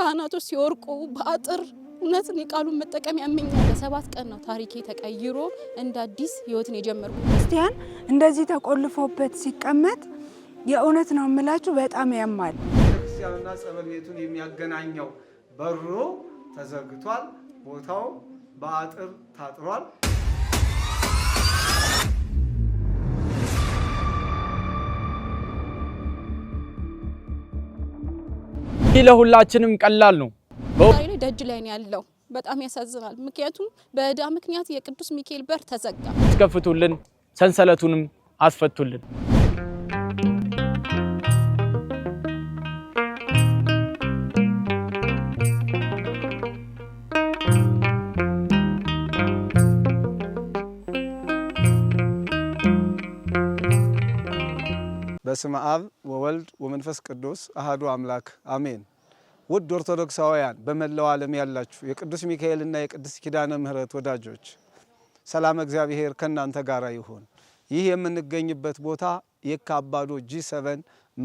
ካህናቶች ሲወርቁ በአጥር እውነት እኔ ቃሉን መጠቀም ያመኛል። በሰባት ቀን ነው ታሪኬ ተቀይሮ እንደ አዲስ ህይወትን የጀመርኩ። ክርስቲያን እንደዚህ ተቆልፎበት ሲቀመጥ የእውነት ነው የምላችሁ በጣም ያማል። ቤተክርስቲያኑና ጸበል ቤቱን የሚያገናኘው በሩ ተዘግቷል። ቦታው በአጥር ታጥሯል። ይህ ለሁላችንም ቀላል ነው። ደጅ ላይ ነው ያለው። በጣም ያሳዝናል። ምክንያቱም በእዳ ምክንያት የቅዱስ ሚካኤል በር ተዘጋ። አስከፍቱልን፣ ሰንሰለቱንም አስፈቱልን። በስመ አብ ወወልድ ወመንፈስ ቅዱስ አህዱ አምላክ አሜን። ውድ ኦርቶዶክሳውያን በመላው ዓለም ያላችሁ የቅዱስ ሚካኤልና የቅዱስ ኪዳነ ምሕረት ወዳጆች ሰላም እግዚአብሔር ከእናንተ ጋር ይሁን። ይህ የምንገኝበት ቦታ የካ አባዶ ጂ7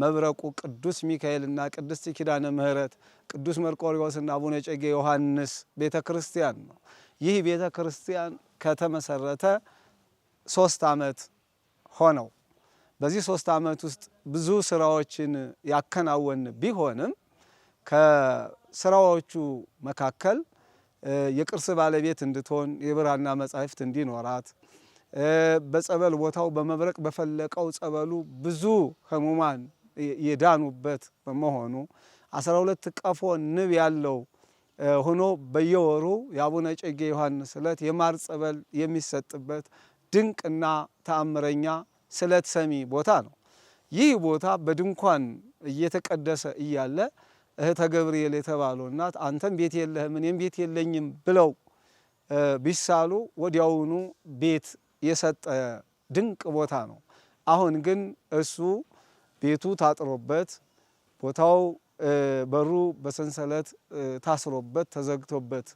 መብረቁ ቅዱስ ሚካኤልና ቅድስት ኪዳነ ምሕረት ቅዱስ መርቆሪዎስና አቡነ ጨጌ ዮሐንስ ቤተ ክርስቲያን ነው። ይህ ቤተ ክርስቲያን ከተመሰረተ ሶስት ዓመት ሆነው በዚህ ሶስት ዓመት ውስጥ ብዙ ስራዎችን ያከናወን ቢሆንም ከስራዎቹ መካከል የቅርስ ባለቤት እንድትሆን የብራና መጻሕፍት እንዲኖራት በጸበል ቦታው በመብረቅ በፈለቀው ጸበሉ ብዙ ህሙማን የዳኑበት በመሆኑ 12 ቀፎ ንብ ያለው ሆኖ በየወሩ የአቡነ ጨጌ ዮሐንስ ዕለት የማር ጸበል የሚሰጥበት ድንቅና ተአምረኛ ስለት ሰሚ ቦታ ነው። ይህ ቦታ በድንኳን እየተቀደሰ እያለ እህተ ገብርኤል የተባለው እናት አንተም ቤት የለህም እኔም ቤት የለኝም ብለው ቢሳሉ ወዲያውኑ ቤት የሰጠ ድንቅ ቦታ ነው። አሁን ግን እሱ ቤቱ ታጥሮበት ቦታው በሩ በሰንሰለት ታስሮበት ተዘግቶበት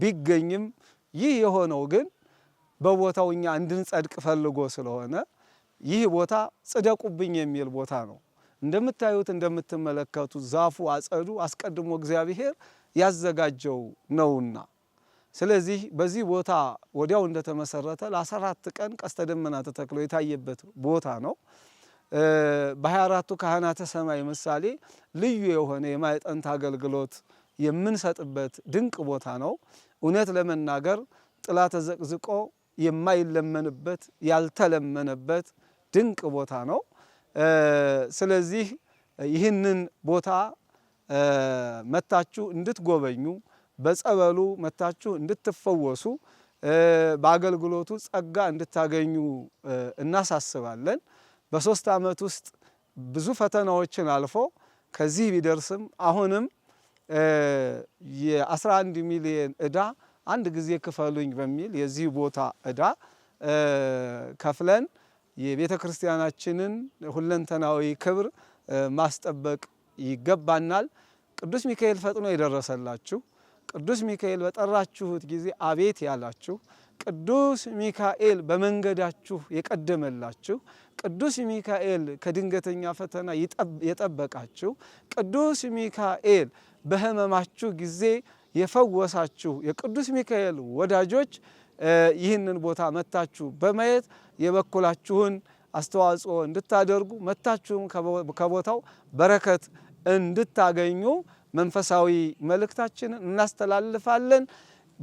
ቢገኝም ይህ የሆነው ግን በቦታው እኛ እንድንጸድቅ ፈልጎ ስለሆነ ይህ ቦታ ጽደቁብኝ የሚል ቦታ ነው። እንደምታዩት እንደምትመለከቱት ዛፉ አጸዱ አስቀድሞ እግዚአብሔር ያዘጋጀው ነውና ስለዚህ በዚህ ቦታ ወዲያው እንደተመሰረተ ለ14 ቀን ቀስተ ደመና ተተክሎ የታየበት ቦታ ነው። በ24ቱ ካህናተ ሰማይ ምሳሌ ልዩ የሆነ የማዕጠንት አገልግሎት የምንሰጥበት ድንቅ ቦታ ነው። እውነት ለመናገር ጥላ ተዘቅዝቆ የማይለመንበት ያልተለመነበት ድንቅ ቦታ ነው። ስለዚህ ይህንን ቦታ መታችሁ እንድትጎበኙ በጸበሉ መታችሁ እንድትፈወሱ በአገልግሎቱ ጸጋ እንድታገኙ እናሳስባለን። በሶስት ዓመት ውስጥ ብዙ ፈተናዎችን አልፎ ከዚህ ቢደርስም አሁንም የ11 ሚሊዮን እዳ አንድ ጊዜ ክፈሉኝ በሚል የዚህ ቦታ እዳ ከፍለን የቤተ ክርስቲያናችንን ሁለንተናዊ ክብር ማስጠበቅ ይገባናል። ቅዱስ ሚካኤል ፈጥኖ የደረሰላችሁ፣ ቅዱስ ሚካኤል በጠራችሁት ጊዜ አቤት ያላችሁ፣ ቅዱስ ሚካኤል በመንገዳችሁ የቀደመላችሁ፣ ቅዱስ ሚካኤል ከድንገተኛ ፈተና የጠበቃችሁ፣ ቅዱስ ሚካኤል በሕመማችሁ ጊዜ የፈወሳችሁ የቅዱስ ሚካኤል ወዳጆች ይህንን ቦታ መታችሁ በማየት የበኩላችሁን አስተዋጽኦ እንድታደርጉ መታችሁም ከቦታው በረከት እንድታገኙ መንፈሳዊ መልእክታችንን እናስተላልፋለን።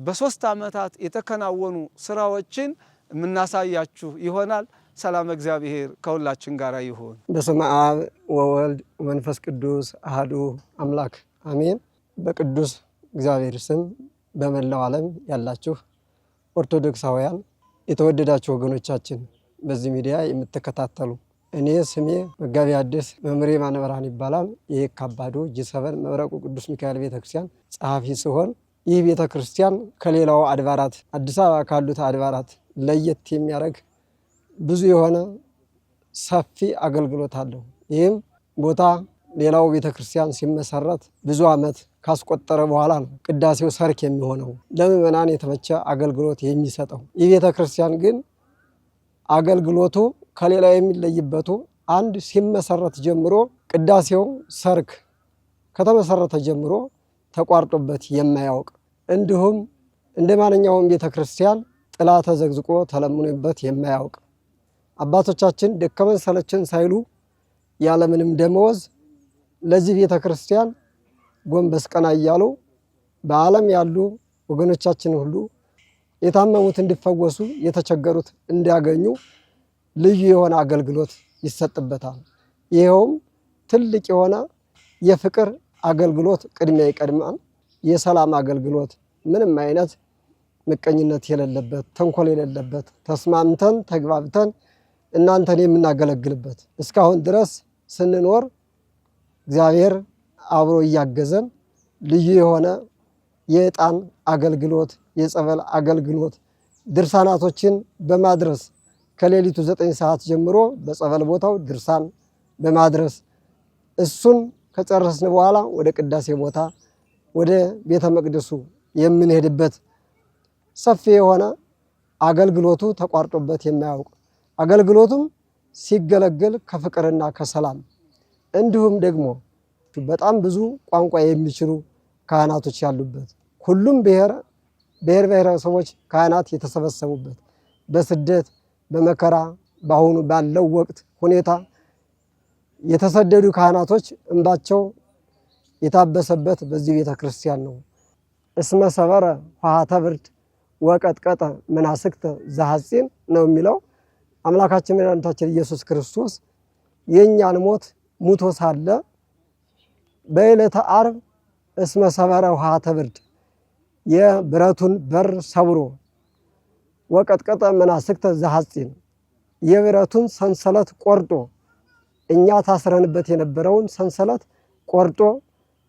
በሶስት ዓመታት የተከናወኑ ስራዎችን የምናሳያችሁ ይሆናል። ሰላም እግዚአብሔር ከሁላችን ጋር ይሁን። በስመ አብ ወወልድ መንፈስ ቅዱስ አህዱ አምላክ አሜን። በቅዱስ እግዚአብሔር ስም በመላው ዓለም ያላችሁ ኦርቶዶክሳውያን የተወደዳችሁ ወገኖቻችን በዚህ ሚዲያ የምትከታተሉ እኔ ስሜ መጋቢ አዲስ መምሬ ማነብርሃን ይባላል። ይህ ካባዶ ጅሰበን መብረቁ ቅዱስ ሚካኤል ቤተክርስቲያን ጸሐፊ ሲሆን ይህ ቤተክርስቲያን ከሌላው አድባራት አዲስ አበባ ካሉት አድባራት ለየት የሚያደርግ ብዙ የሆነ ሰፊ አገልግሎት አለው። ይህም ቦታ ሌላው ቤተ ክርስቲያን ሲመሰረት ብዙ ዓመት ካስቆጠረ በኋላ ነው ቅዳሴው ሰርክ የሚሆነው ለምዕመናን የተመቸ አገልግሎት የሚሰጠው። ይህ ቤተ ክርስቲያን ግን አገልግሎቱ ከሌላ የሚለይበቱ አንድ ሲመሰረት ጀምሮ ቅዳሴው ሰርክ ከተመሰረተ ጀምሮ ተቋርጦበት የማያውቅ እንዲሁም እንደ ማንኛውም ቤተ ክርስቲያን ጥላ ተዘግዝቆ ተለምኖበት የማያውቅ አባቶቻችን ደከመን ሰለችን ሳይሉ ያለምንም ደመወዝ ለዚህ ቤተ ክርስቲያን ጎንበስ ቀና እያሉ በዓለም ያሉ ወገኖቻችን ሁሉ የታመሙት እንዲፈወሱ የተቸገሩት እንዲያገኙ ልዩ የሆነ አገልግሎት ይሰጥበታል። ይኸውም ትልቅ የሆነ የፍቅር አገልግሎት ቅድሚያ ይቀድማል። የሰላም አገልግሎት ምንም አይነት ምቀኝነት የሌለበት፣ ተንኮል የሌለበት፣ ተስማምተን ተግባብተን እናንተን የምናገለግልበት እስካሁን ድረስ ስንኖር እግዚአብሔር አብሮ እያገዘን ልዩ የሆነ የዕጣን አገልግሎት፣ የጸበል አገልግሎት ድርሳናቶችን በማድረስ ከሌሊቱ ዘጠኝ ሰዓት ጀምሮ በጸበል ቦታው ድርሳን በማድረስ እሱን ከጨረስን በኋላ ወደ ቅዳሴ ቦታ ወደ ቤተ መቅደሱ የምንሄድበት ሰፊ የሆነ አገልግሎቱ ተቋርጦበት የማያውቅ አገልግሎቱም ሲገለገል ከፍቅርና ከሰላም እንዲሁም ደግሞ በጣም ብዙ ቋንቋ የሚችሉ ካህናቶች ያሉበት ሁሉም ብሔር ብሔር ብሔረሰቦች ካህናት የተሰበሰቡበት በስደት በመከራ በአሁኑ ባለው ወቅት ሁኔታ የተሰደዱ ካህናቶች እንባቸው የታበሰበት በዚህ ቤተ ክርስቲያን ነው። እስመ ሰበረ ጤሃተ ወቀጥቀጠ ምናስክተ ዘሐጺን ነው የሚለው አምላካችን መድኃኒታችን ኢየሱስ ክርስቶስ የእኛን ሞት ሙቶ ሳለ በዕለተ ዓርብ እስመ ሰበረ ውሃ ተብርድ የብረቱን በር ሰብሮ ወቀጥቀጠ መናስክተ ዘሐፂን የብረቱን ሰንሰለት ቆርጦ እኛ ታስረንበት የነበረውን ሰንሰለት ቆርጦ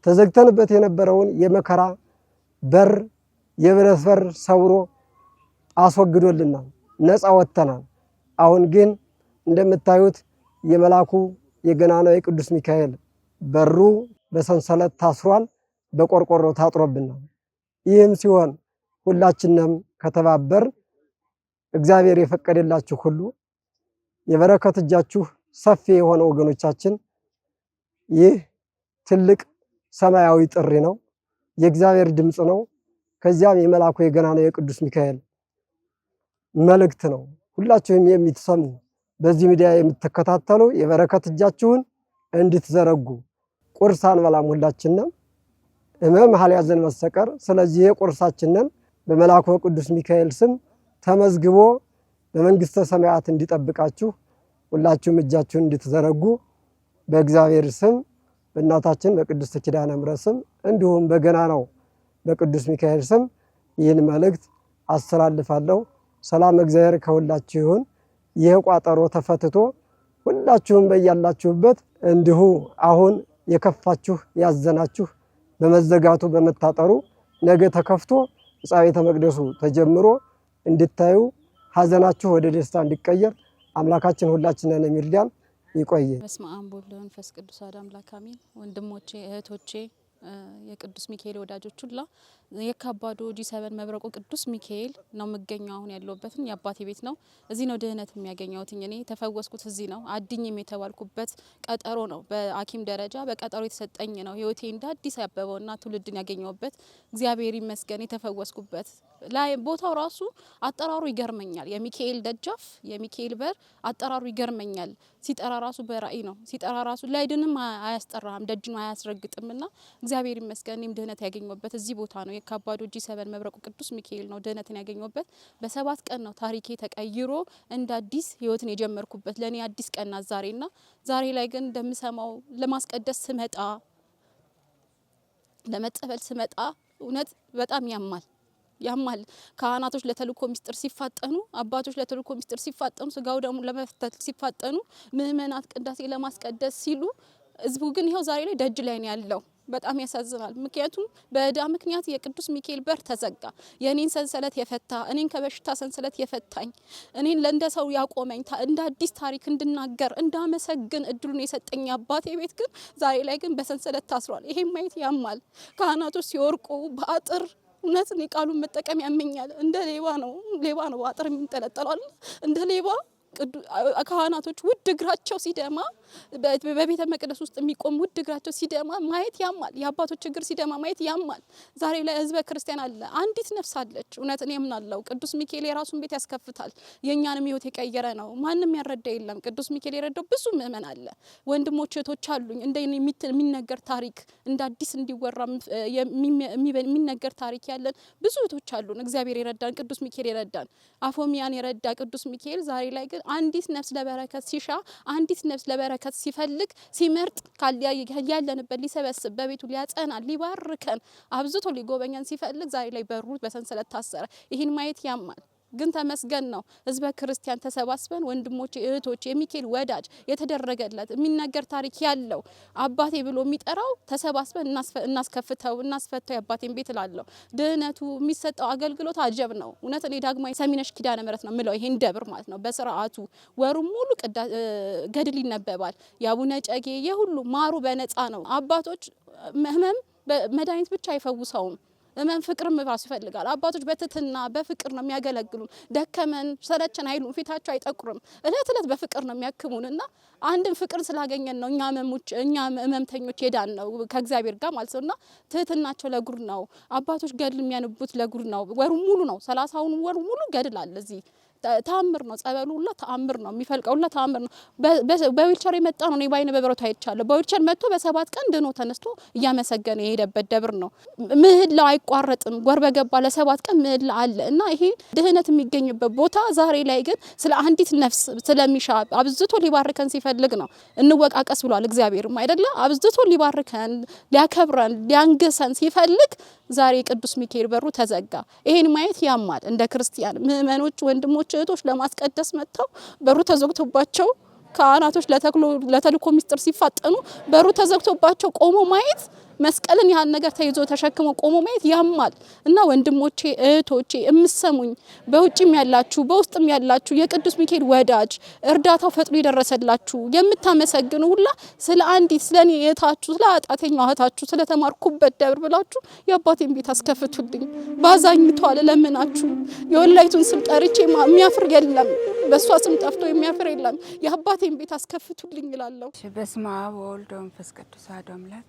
ተዘግተንበት የነበረውን የመከራ በር የብረት በር ሰብሮ አስወግዶልናል። ነፃ ወጥተናል። አሁን ግን እንደምታዩት የመላኩ የገናናው የቅዱስ ሚካኤል በሩ በሰንሰለት ታስሯል፣ በቆርቆሮ ታጥሮብናል። ይህም ሲሆን ሁላችንም ከተባበር እግዚአብሔር የፈቀደላችሁ ሁሉ የበረከት እጃችሁ ሰፊ የሆነ ወገኖቻችን፣ ይህ ትልቅ ሰማያዊ ጥሪ ነው፣ የእግዚአብሔር ድምፅ ነው። ከዚያም የመልአኩ የገናናው የቅዱስ ሚካኤል መልእክት ነው። ሁላችሁም የምትሰሙ በዚህ ሚዲያ የምትከታተሉ የበረከት እጃችሁን እንድትዘረጉ ቁርስ አንበላም ሁላችንም ሕመም ሀልያዘን መሰቀር። ስለዚህ ቁርሳችንን በመልአኩ ቅዱስ ሚካኤል ስም ተመዝግቦ በመንግስተ ሰማያት እንዲጠብቃችሁ ሁላችሁም እጃችሁን እንድትዘረጉ በእግዚአብሔር ስም በእናታችን በቅድስት ኪዳነ ምሕረት ስም እንዲሁም በገና ነው በቅዱስ ሚካኤል ስም ይህን መልእክት አስተላልፋለሁ። ሰላም እግዚአብሔር ከሁላችሁ ይሁን። ይህ ቋጠሮ ተፈትቶ ሁላችሁም በያላችሁበት እንዲሁ አሁን የከፋችሁ ያዘናችሁ በመዘጋቱ በመታጠሩ ነገ ተከፍቶ ሕንፃ ቤተ መቅደሱ ተጀምሮ እንድታዩ ሀዘናችሁ ወደ ደስታ እንዲቀየር አምላካችን ሁላችንን የሚርዳን ይቆየ። በስመ አብ ወወልድ ወመንፈስ ቅዱስ አሐዱ አምላክ አሜን። ወንድሞቼ እህቶቼ፣ የቅዱስ ሚካኤል ወዳጆች ሁላ የካባዶ ጂ ሰበን መብረቁ ቅዱስ ሚካኤል ነው የምገኘው። አሁን ያለሁበትን የአባቴ ቤት ነው። እዚህ ነው ድህነት የሚያገኘሁት። እኔ የተፈወስኩት እዚህ ነው። አድኝም የተባልኩበት ቀጠሮ ነው። በሐኪም ደረጃ በቀጠሮ የተሰጠኝ ነው። ህይወቴ እንደ አዲስ ያበበውና ትውልድን ያገኘሁበት እግዚአብሔር ይመስገን የተፈወስኩበት ላይ ቦታው ራሱ አጠራሩ ይገርመኛል። የሚካኤል ደጃፍ፣ የሚካኤል በር አጠራሩ ይገርመኛል። ሲጠራ ራሱ በራእይ ነው። ሲጠራ ራሱ ላይድንም አያስጠራም፣ ደጅኑ አያስረግጥም። ና እግዚአብሔር ይመስገን እኔም ድህነት ያገኘሁበት እዚህ ቦታ ነው። የካባዶ ጂ ሰበን መብረቁ ቅዱስ ሚካኤል ነው ድህነትን ያገኘበት። በሰባት ቀን ነው ታሪኬ ተቀይሮ እንደ አዲስ ህይወትን የጀመርኩበት። ለእኔ አዲስ ቀናት ዛሬና ዛሬ ላይ ግን እንደምሰማው ለማስቀደስ ስመጣ ለመጸበል ስመጣ እውነት በጣም ያማል ያማል። ካህናቶች ለተልእኮ ሚስጥር ሲፋጠኑ፣ አባቶች ለተልእኮ ሚስጥር ሲፋጠኑ፣ ስጋው ደግሞ ለመፍተት ሲፋጠኑ፣ ምእመናት ቅዳሴ ለማስቀደስ ሲሉ ህዝቡ ግን ይኸው ዛሬ ላይ ደጅ ላይ ነው ያለው። በጣም ያሳዝናል። ምክንያቱም በእዳ ምክንያት የቅዱስ ሚካኤል በር ተዘጋ። የኔን ሰንሰለት የፈታ እኔን ከበሽታ ሰንሰለት የፈታኝ እኔን ለእንደ ሰው ያቆመኝ እንደ አዲስ ታሪክ እንድናገር እንዳመሰግን እድሉን የሰጠኝ አባቴ ቤት ግን ዛሬ ላይ ግን በሰንሰለት ታስሯል። ይሄም ማየት ያማል። ካህናቶች ሲወርቁ በአጥር እውነት እኔ ቃሉን መጠቀም ያመኛል። እንደ ሌባ ነው ሌባ ነው በአጥር የሚንጠለጠሏል እንደ ሌባ ካህናቶች ውድ እግራቸው ሲደማ በቤተ መቅደስ ውስጥ የሚቆም ውድ እግራቸው ሲደማ ማየት ያማል። የአባቶች እግር ሲደማ ማየት ያማል። ዛሬ ላይ ህዝበ ክርስቲያን አለ፣ አንዲት ነፍስ አለች። እውነት እኔ ምናለው ቅዱስ ሚካኤል የራሱን ቤት ያስከፍታል። የእኛንም ህይወት የቀየረ ነው። ማንም ያረዳ የለም። ቅዱስ ሚካኤል የረዳው ብዙ ምእመን አለ። ወንድሞች እህቶች አሉኝ። እንደ የሚነገር ታሪክ እንደ አዲስ እንዲወራ የሚነገር ታሪክ ያለን ብዙ እህቶች አሉን። እግዚአብሔር የረዳን ቅዱስ ሚካኤል የረዳን አፎሚያን የረዳ ቅዱስ ሚካኤል ዛሬ ላይ ግን አንዲት ነፍስ ለበረከት ሲሻ አንዲት ነፍስ ለበረከት ሲፈልግ ሲመርጥ ያለንበት ሊሰበስብ በቤቱ ሊያጸናን ሊባርከን አብዝቶ ሊጎበኛን ሲፈልግ ዛሬ ላይ በሩ በሰንሰለት ታሰረ። ይህን ማየት ያማል። ግን ተመስገን ነው። ህዝበ ክርስቲያን ተሰባስበን ወንድሞቼ እህቶቼ፣ የሚካኤል ወዳጅ የተደረገለት የሚነገር ታሪክ ያለው አባቴ ብሎ የሚጠራው ተሰባስበን እናስከፍተው እናስፈተው የአባቴን ቤት ላለው ድህነቱ የሚሰጠው አገልግሎት አጀብ ነው። እውነት እኔ ዳግማዊ ሰሚነሽ ኪዳነ ምሕረት ነው ምለው ይሄን ደብር ማለት ነው። በስርዓቱ ወሩም ሙሉ ገድል ይነበባል። የአቡነ ጨጌ የሁሉ ማሩ በነፃ ነው። አባቶች ህመም መድኃኒት ብቻ አይፈውሰውም። እመን ፍቅርም ራሱ ይፈልጋል። አባቶች በትትና በፍቅር ነው የሚያገለግሉን። ደከመን ሰለቸን አይሉም፣ ፊታቸው አይጠቁርም። እለት እለት በፍቅር ነው የሚያክሙን እና አንድም ፍቅርን ስላገኘን ነው እኛ እመሞች እኛ እመምተኞች ሄዳን ነው ከእግዚአብሔር ጋር ማለት ነው። እና ትህትናቸው ለጉር ነው። አባቶች ገድል የሚያነቡት ለጉር ነው። ወሩ ሙሉ ነው፣ ሰላሳውን ወሩ ሙሉ ገድል አለ እዚህ ተአምር ነው። ጸበሉ ሁላ ተአምር ነው። የሚፈልቀው ሁላ ተአምር ነው። በዊልቸር የመጣ ነው። እኔ በብረቱ አይቻለሁ። በዊልቸር መጥቶ በሰባት ቀን ድኖ ተነስቶ እያመሰገነ የሄደበት ደብር ነው። ምህላ አይቋረጥም። ጎር በገባ ለሰባት ቀን ምህላ አለ እና ይሄ ድህነት የሚገኝበት ቦታ ዛሬ ላይ ግን ስለ አንዲት ነፍስ ስለሚሻ አብዝቶ ሊባርከን ሲፈልግ ነው። እንወቃቀስ ብሏል እግዚአብሔርም አይደለ? አብዝቶ ሊባርከን ሊያከብረን ሊያንግሰን ሲፈልግ ዛሬ ቅዱስ ሚካኤል በሩ ተዘጋ። ይሄን ማየት ያማል። እንደ ክርስቲያን ምእመኖች ወንድሞች ወንድሞች እህቶች ለማስቀደስ መጥተው በሩ ተዘግቶባቸው ካህናቶች ለተልእኮ ምስጢር ሲፋጠኑ በሩ ተዘግቶባቸው ቆሞ ማየት መስቀልን ያህል ነገር ተይዞ ተሸክሞ ቆሞ ማየት ያማል እና ወንድሞቼ እህቶቼ የምሰሙኝ በውጭም ያላችሁ በውስጥም ያላችሁ የቅዱስ ሚካኤል ወዳጅ እርዳታው ፈጥኖ የደረሰላችሁ የምታመሰግኑ ሁላ ስለ አንዲት ስለ እኔ እህታችሁ ስለ አጣተኛ እህታችሁ ተማርኩበት ደብር ብላችሁ የአባቴን ቤት አስከፍቱልኝ። ባዛኝቷል ለምናችሁ የወላይቱን ስም ጠርቼ የሚያፍር የለም፣ በእሷ ስም ጠፍቶ የሚያፍር የለም። የአባቴን ቤት አስከፍቱልኝ ይላለሁ። በስመ አብ ወወልድ ወመንፈስ ቅዱስ አሐዱ አምላክ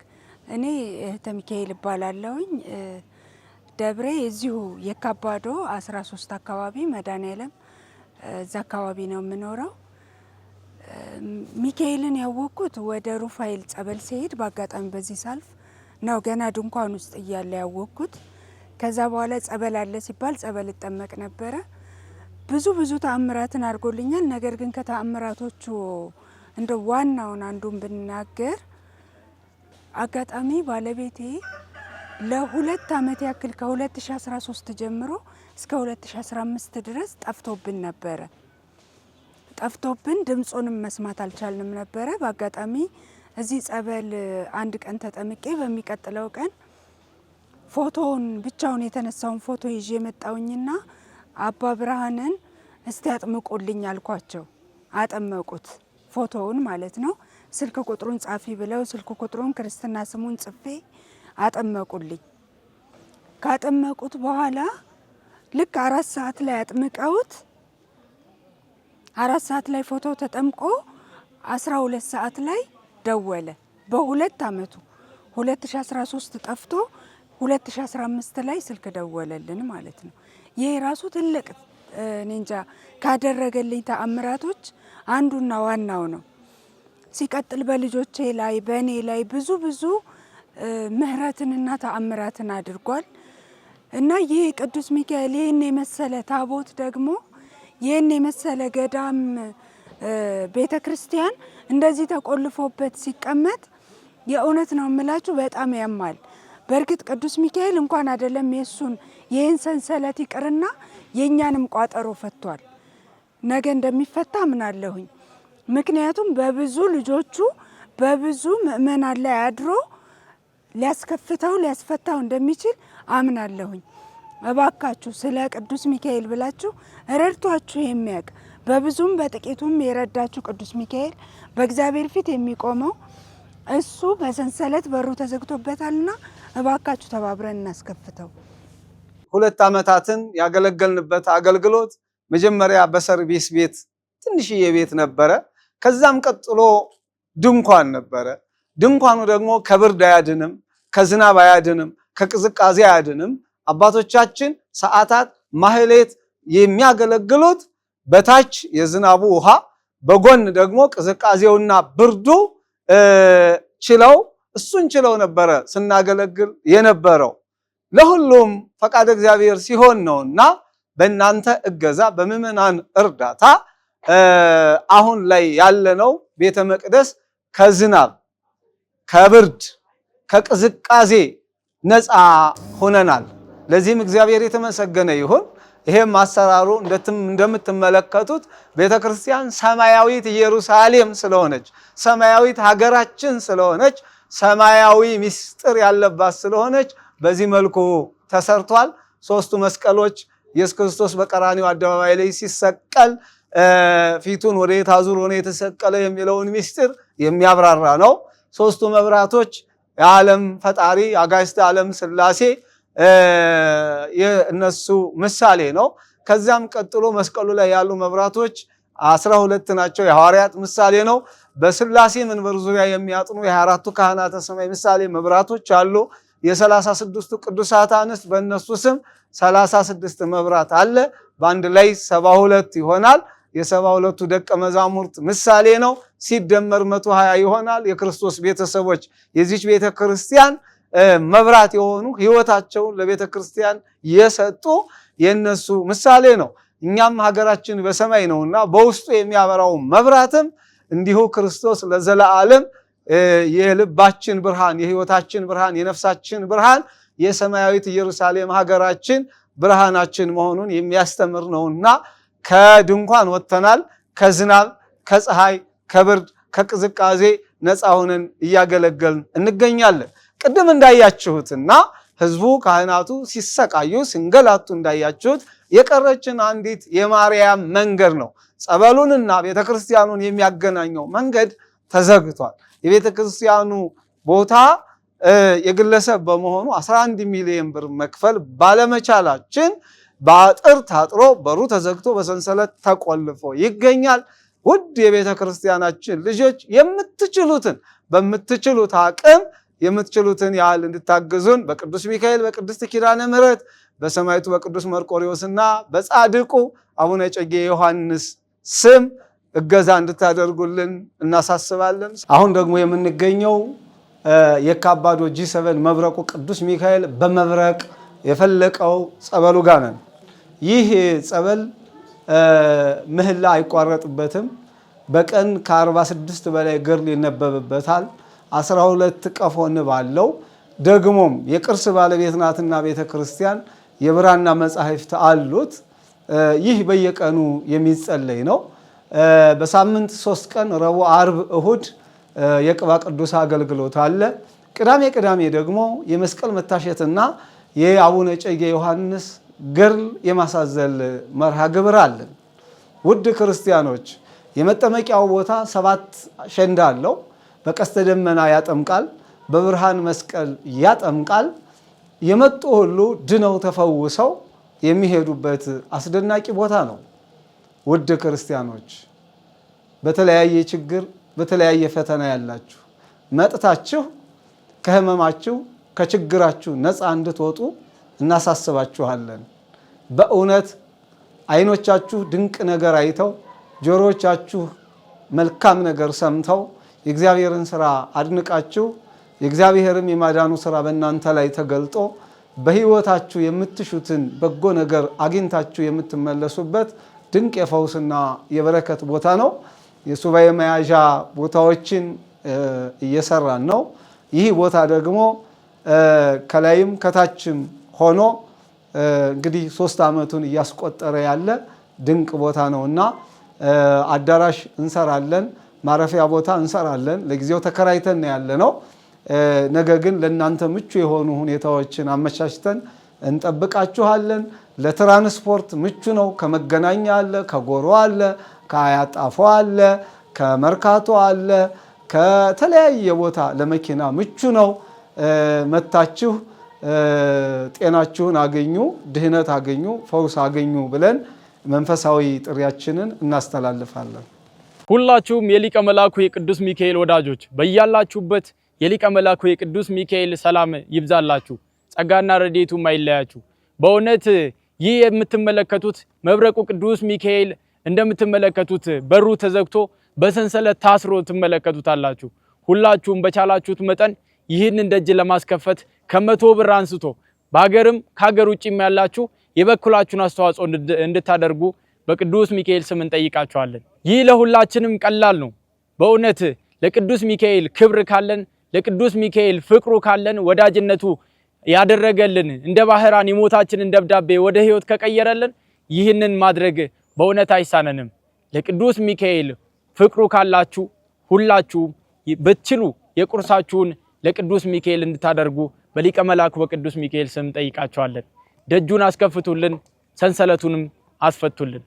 እኔ እህተ ሚካኤል እባላለሁኝ። ደብሬ እዚሁ የካባዶ 13 አካባቢ መድኃኔዓለም እዛ አካባቢ ነው የምኖረው። ሚካኤልን ያወቅኩት ወደ ሩፋኤል ጸበል ሲሄድ በአጋጣሚ በዚህ ሳልፍ ነው ገና ድንኳን ውስጥ እያለ ያወቅኩት። ከዛ በኋላ ጸበል አለ ሲባል ጸበል እጠመቅ ነበረ። ብዙ ብዙ ተአምራትን አድርጎልኛል። ነገር ግን ከተአምራቶቹ እንደ ዋናውን አንዱን ብናገር አጋጣሚ ባለቤቴ ለሁለት አመት ያክል ከ2013 ጀምሮ እስከ 2015 ድረስ ጠፍቶብን ነበረ። ጠፍቶብን ድምፁንም መስማት አልቻልንም ነበረ። በአጋጣሚ እዚህ ጸበል አንድ ቀን ተጠምቄ በሚቀጥለው ቀን ፎቶውን ብቻውን የተነሳውን ፎቶ ይዤ የመጣውኝና አባ ብርሃንን እስቲ አጥምቁልኝ አልኳቸው። አጠመቁት፣ ፎቶውን ማለት ነው። ስልክ ቁጥሩን ጻፊ ብለው ስልክ ቁጥሩን ክርስትና ስሙን ጽፌ አጠመቁልኝ። ካጠመቁት በኋላ ልክ አራት ሰዓት ላይ አጥምቀውት አራት ሰዓት ላይ ፎቶ ተጠምቆ አስራ ሁለት ሰዓት ላይ ደወለ። በሁለት አመቱ 2013 ጠፍቶ 2015 ላይ ስልክ ደወለልን ማለት ነው። ይሄ ራሱ ትልቅ እኔ እንጃ ካደረገልኝ ተአምራቶች አንዱና ዋናው ነው። ሲቀጥል በልጆቼ ላይ በእኔ ላይ ብዙ ብዙ ምሕረትንና ተአምራትን አድርጓል እና ይህ ቅዱስ ሚካኤል ይህን የመሰለ ታቦት ደግሞ ይህን የመሰለ ገዳም ቤተ ክርስቲያን እንደዚህ ተቆልፎበት ሲቀመጥ የእውነት ነው የምላችሁ በጣም ያማል። በእርግጥ ቅዱስ ሚካኤል እንኳን አይደለም የእሱን ይህን ሰንሰለት ይቅርና የእኛንም ቋጠሮ ፈቷል። ነገ እንደሚፈታ ምናለሁኝ። ምክንያቱም በብዙ ልጆቹ በብዙ ምእመናን ላይ አድሮ ሊያስከፍተው ሊያስፈታው እንደሚችል አምናለሁኝ። እባካችሁ ስለ ቅዱስ ሚካኤል ብላችሁ ረድቷችሁ የሚያውቅ በብዙም በጥቂቱም የረዳችሁ ቅዱስ ሚካኤል በእግዚአብሔር ፊት የሚቆመው እሱ በሰንሰለት በሩ ተዘግቶበታልና እባካችሁ ተባብረን እናስከፍተው። ሁለት ዓመታትን ያገለገልንበት አገልግሎት መጀመሪያ በሰርቪስ ቤት ትንሽዬ ቤት ነበረ። ከዛም ቀጥሎ ድንኳን ነበረ። ድንኳኑ ደግሞ ከብርድ አያድንም፣ ከዝናብ አያድንም፣ ከቅዝቃዜ አያድንም። አባቶቻችን ሰዓታት ማህሌት የሚያገለግሉት በታች የዝናቡ ውሃ በጎን ደግሞ ቅዝቃዜውና ብርዱ ችለው እሱን ችለው ነበረ ስናገለግል የነበረው። ለሁሉም ፈቃድ እግዚአብሔር ሲሆን ነውና በእናንተ እገዛ በምዕመናን እርዳታ አሁን ላይ ያለነው ቤተ መቅደስ ከዝናብ ከብርድ ከቅዝቃዜ ነፃ ሆነናል። ለዚህም እግዚአብሔር የተመሰገነ ይሁን። ይሄም አሰራሩ እንደምትመለከቱት ቤተክርስቲያን ሰማያዊት ኢየሩሳሌም ስለሆነች ሰማያዊት ሀገራችን ስለሆነች ሰማያዊ ምስጢር ያለባት ስለሆነች በዚህ መልኩ ተሰርቷል። ሶስቱ መስቀሎች ኢየሱስ ክርስቶስ በቀራኒው አደባባይ ላይ ሲሰቀል ፊቱን ወደየት አዙሮ ነው የተሰቀለ የሚለውን ሚስጥር የሚያብራራ ነው። ሶስቱ መብራቶች የዓለም ፈጣሪ አጋዕዝተ ዓለም ስላሴ የእነሱ ምሳሌ ነው። ከዚያም ቀጥሎ መስቀሉ ላይ ያሉ መብራቶች አስራ ሁለት ናቸው። የሐዋርያት ምሳሌ ነው። በስላሴ መንበር ዙሪያ የሚያጥኑ የአራቱ ካህናተ ሰማይ ምሳሌ መብራቶች አሉ። የሰላሳ ስድስቱ ቅዱሳት አንስት በእነሱ ስም ሰላሳ ስድስት መብራት አለ። በአንድ ላይ ሰባ ሁለት ይሆናል። የሰባ ሁለቱ ደቀ መዛሙርት ምሳሌ ነው። ሲደመር መቶ ሀያ ይሆናል። የክርስቶስ ቤተሰቦች የዚች ቤተ ክርስቲያን መብራት የሆኑ ህይወታቸውን ለቤተ ክርስቲያን የሰጡ የነሱ ምሳሌ ነው። እኛም ሀገራችን በሰማይ ነውና በውስጡ የሚያበራው መብራትም እንዲሁ ክርስቶስ ለዘላለም የልባችን ብርሃን፣ የህይወታችን ብርሃን፣ የነፍሳችን ብርሃን፣ የሰማያዊት ኢየሩሳሌም ሀገራችን ብርሃናችን መሆኑን የሚያስተምር ነውና ከድንኳን ወጥተናል። ከዝናብ፣ ከፀሐይ፣ ከብርድ፣ ከቅዝቃዜ ነፃ ሆነን እያገለገልን እንገኛለን። ቅድም እንዳያችሁትና ህዝቡ ካህናቱ ሲሰቃዩ ሲንገላቱ እንዳያችሁት የቀረችን አንዲት የማርያም መንገድ ነው። ጸበሉንና ቤተክርስቲያኑን የሚያገናኘው መንገድ ተዘግቷል። የቤተክርስቲያኑ ቦታ የግለሰብ በመሆኑ 11 ሚሊዮን ብር መክፈል ባለመቻላችን በአጥር ታጥሮ በሩ ተዘግቶ በሰንሰለት ተቆልፎ ይገኛል። ውድ የቤተ ክርስቲያናችን ልጆች የምትችሉትን በምትችሉት አቅም የምትችሉትን ያህል እንድታግዙን በቅዱስ ሚካኤል በቅድስት ኪዳነ ምሕረት በሰማዕቱ በቅዱስ መርቆሪዎስና በጻድቁ አቡነ ጨጌ ዮሐንስ ስም እገዛ እንድታደርጉልን እናሳስባለን። አሁን ደግሞ የምንገኘው የካባዶ ጂ መብረቁ ቅዱስ ሚካኤል በመብረቅ የፈለቀው ጸበሉ ጋር ነን። ይህ ጸበል ምህላ አይቋረጥበትም። በቀን ከ46 በላይ ገድል ይነበብበታል። 12 ቀፎ ንብ አለው። ደግሞም የቅርስ ባለቤት ናትና ቤተ ክርስቲያን የብራና መጻሕፍት አሉት። ይህ በየቀኑ የሚጸለይ ነው። በሳምንት ሶስት ቀን ረቡዕ፣ አርብ፣ እሁድ የቅባ ቅዱስ አገልግሎት አለ። ቅዳሜ ቅዳሜ ደግሞ የመስቀል መታሸትና የአቡነ ጨጌ ዮሐንስ ግር የማሳዘል መርሃ ግብር አለን። ውድ ክርስቲያኖች የመጠመቂያው ቦታ ሰባት ሸንዳ አለው። በቀስተ ደመና ያጠምቃል፣ በብርሃን መስቀል ያጠምቃል። የመጡ ሁሉ ድነው ተፈውሰው የሚሄዱበት አስደናቂ ቦታ ነው። ውድ ክርስቲያኖች በተለያየ ችግር በተለያየ ፈተና ያላችሁ መጥታችሁ ከህመማችሁ ከችግራችሁ ነፃ እንድትወጡ እናሳስባችኋለን። በእውነት አይኖቻችሁ ድንቅ ነገር አይተው ጆሮዎቻችሁ መልካም ነገር ሰምተው የእግዚአብሔርን ስራ አድንቃችሁ የእግዚአብሔርም የማዳኑ ስራ በእናንተ ላይ ተገልጦ በህይወታችሁ የምትሹትን በጎ ነገር አግኝታችሁ የምትመለሱበት ድንቅ የፈውስና የበረከት ቦታ ነው። የሱባኤ መያዣ ቦታዎችን እየሰራን ነው። ይህ ቦታ ደግሞ ከላይም ከታችም ሆኖ እንግዲህ ሶስት ዓመቱን እያስቆጠረ ያለ ድንቅ ቦታ እና አዳራሽ እንሰራለን፣ ማረፊያ ቦታ እንሰራለን። ለጊዜው ተከራይተን ያለ ነው። ነገ ግን ለእናንተ ምቹ የሆኑ ሁኔታዎችን አመቻችተን እንጠብቃችኋለን። ለትራንስፖርት ምቹ ነው። ከመገናኛ አለ፣ ከጎሮ አለ፣ ከአያጣፎ አለ፣ ከመርካቶ አለ፣ ከተለያየ ቦታ ለመኪና ምቹ ነው። መታችሁ ጤናችሁን አገኙ፣ ድህነት አገኙ፣ ፈውስ አገኙ ብለን መንፈሳዊ ጥሪያችንን እናስተላልፋለን። ሁላችሁም የሊቀ መላኩ የቅዱስ ሚካኤል ወዳጆች በያላችሁበት የሊቀ መላኩ የቅዱስ ሚካኤል ሰላም ይብዛላችሁ፣ ጸጋና ረድኤቱም አይለያችሁ። በእውነት ይህ የምትመለከቱት መብረቁ ቅዱስ ሚካኤል እንደምትመለከቱት በሩ ተዘግቶ በሰንሰለት ታስሮ ትመለከቱታላችሁ። ሁላችሁም በቻላችሁት መጠን ይህንን ደጅ ለማስከፈት ከመቶ ብር አንስቶ በሀገርም ከሀገር ውጭም ያላችሁ የበኩላችሁን አስተዋጽኦ እንድታደርጉ በቅዱስ ሚካኤል ስም እንጠይቃችኋለን። ይህ ለሁላችንም ቀላል ነው። በእውነት ለቅዱስ ሚካኤል ክብር ካለን፣ ለቅዱስ ሚካኤል ፍቅሩ ካለን፣ ወዳጅነቱ ያደረገልን እንደ ባህራን የሞታችንን ደብዳቤ ወደ ህይወት ከቀየረልን ይህንን ማድረግ በእውነት አይሳነንም። ለቅዱስ ሚካኤል ፍቅሩ ካላችሁ ሁላችሁም ብትችሉ የቁርሳችሁን ለቅዱስ ሚካኤል እንድታደርጉ በሊቀ መላኩ በቅዱስ ሚካኤል ስም ጠይቃቸዋለን። ደጁን አስከፍቱልን፣ ሰንሰለቱንም አስፈቱልን።